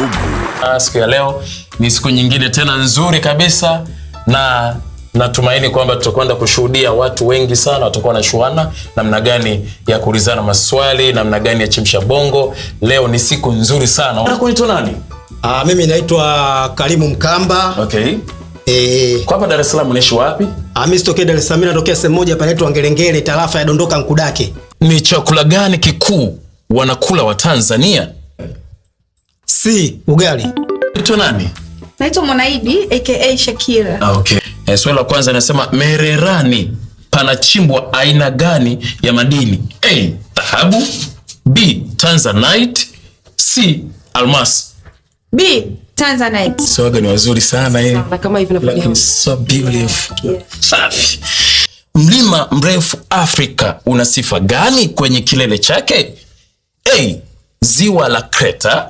Vugu. Ah, siku ya leo ni siku nyingine tena nzuri kabisa na natumaini kwamba tutakwenda kushuhudia watu wengi sana watakuwa wanashuana namna gani ya kuulizana maswali, namna gani ya chemsha bongo. Leo ni siku nzuri sana. Unaitwa nani? Ah, mimi naitwa Karimu Mkamba. Okay. Eh, kwa hapa Dar es Salaam unaishi wapi? Ah, mimi sitokea Dar es Salaam, natokea sehemu moja panaitwa Ngelengele, tarafa ya Dondoka Nkudake. Ni chakula gani kikuu wanakula wa tanzania si ugali. Naitwa nani? Naitwa Mwanaidi aka Shakira. Ah, okay. Eh, swali la kwanza nasema Mererani panachimbwa aina gani ya madini? A. Dhahabu, B. Tanzanite, C. Almasi. B. Tanzanite. Soga ni wazuri sana eh. Kama hivi napokuja. So beautiful. Yeah. Safi. Mlima mrefu Afrika una sifa gani kwenye kilele chake? A. Ziwa la Kreta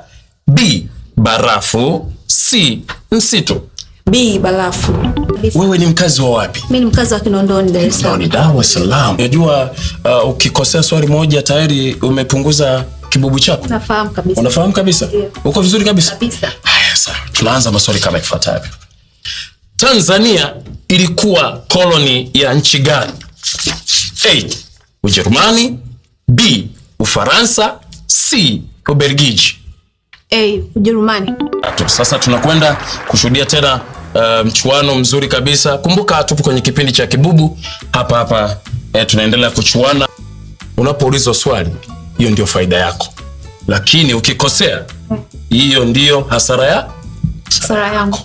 B. Barafu. C. Msitu. B. Barafu. Wewe ni mkazi wa wapi? Mimi ni mkazi wa Kinondoni, Dar es Salaam. Kinondoni, Dar es Salaam. Unajua uh, ukikosea swali moja tayari umepunguza kibubu chako. Nafahamu kabisa. Unafahamu kabisa? Yeah. Uko vizuri kabisa? Kabisa. Haya sawa. Tunaanza maswali kama ifuatavyo. Tanzania ilikuwa koloni ya nchi gani? A. Ujerumani, B. Ufaransa, C. Ubelgiji. A Ujerumani. Sasa tunakwenda kushuhudia tena uh, mchuano mzuri kabisa. Kumbuka tupo kwenye kipindi cha Kibubu hapa hapa, eh, tunaendelea kuchuana. Unapoulizwa swali, hiyo ndio faida yako, lakini ukikosea, hiyo ndiyo hasara ya hasara yangu.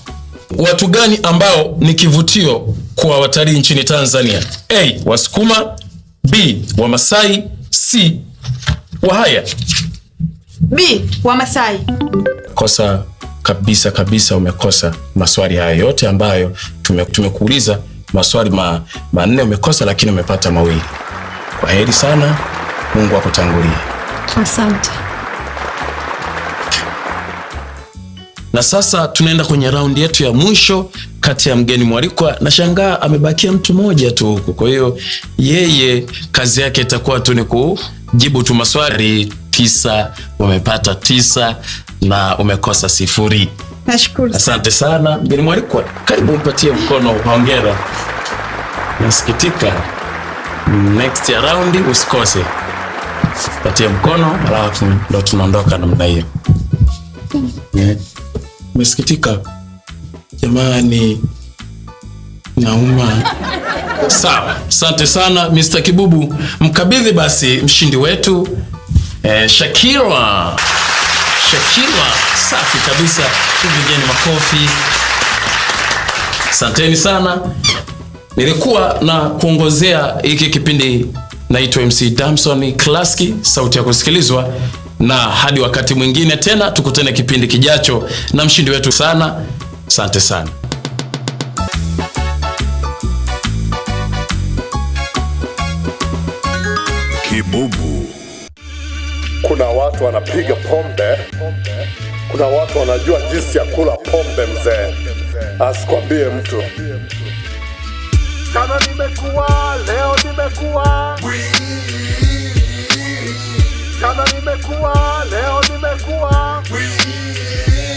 Watu gani ambao ni kivutio kwa watalii nchini Tanzania? A. Wasukuma, B. Wamasai, C. Wahaya. B wa Masai. Kosa kabisa kabisa, umekosa maswali haya yote ambayo tumekuuliza. Maswali ma, manne umekosa, lakini umepata mawili. Kwa heri sana, Mungu akutangulie. Asante. Na sasa tunaenda kwenye raundi yetu ya mwisho kati ya mgeni mwalikwa na shangaa, amebakia mtu mmoja tu huku. Kwa hiyo yeye kazi yake itakuwa tu ni kujibu tu maswali tisa, umepata tisa na umekosa sifuri. Asante sana mgeni mwalikwa, karibu mpatie mkono. Hongera. Nasikitika. Next ya raundi usikose, patie mkono alafu ndo tunaondoka namna hiyo. Eh, umesikitika jamani, nauma. Sawa, asante sana Mr. Kibubu, mkabidhi basi mshindi wetu eh, Shakira Shakira, safi kabisa, tupigeni makofi. Asanteni sana. Nilikuwa na kuongozea hiki kipindi, naitwa MC Damson Klaski, sauti ya kusikilizwa, na hadi wakati mwingine tena tukutane kipindi kijacho na mshindi wetu sana. Asante sana. Boo-boo kuna watu wanapiga pombe, kuna watu wanajua jinsi ya kula pombe. Mzee asikwambie mtu. kama nimekuwa, leo nimekuwa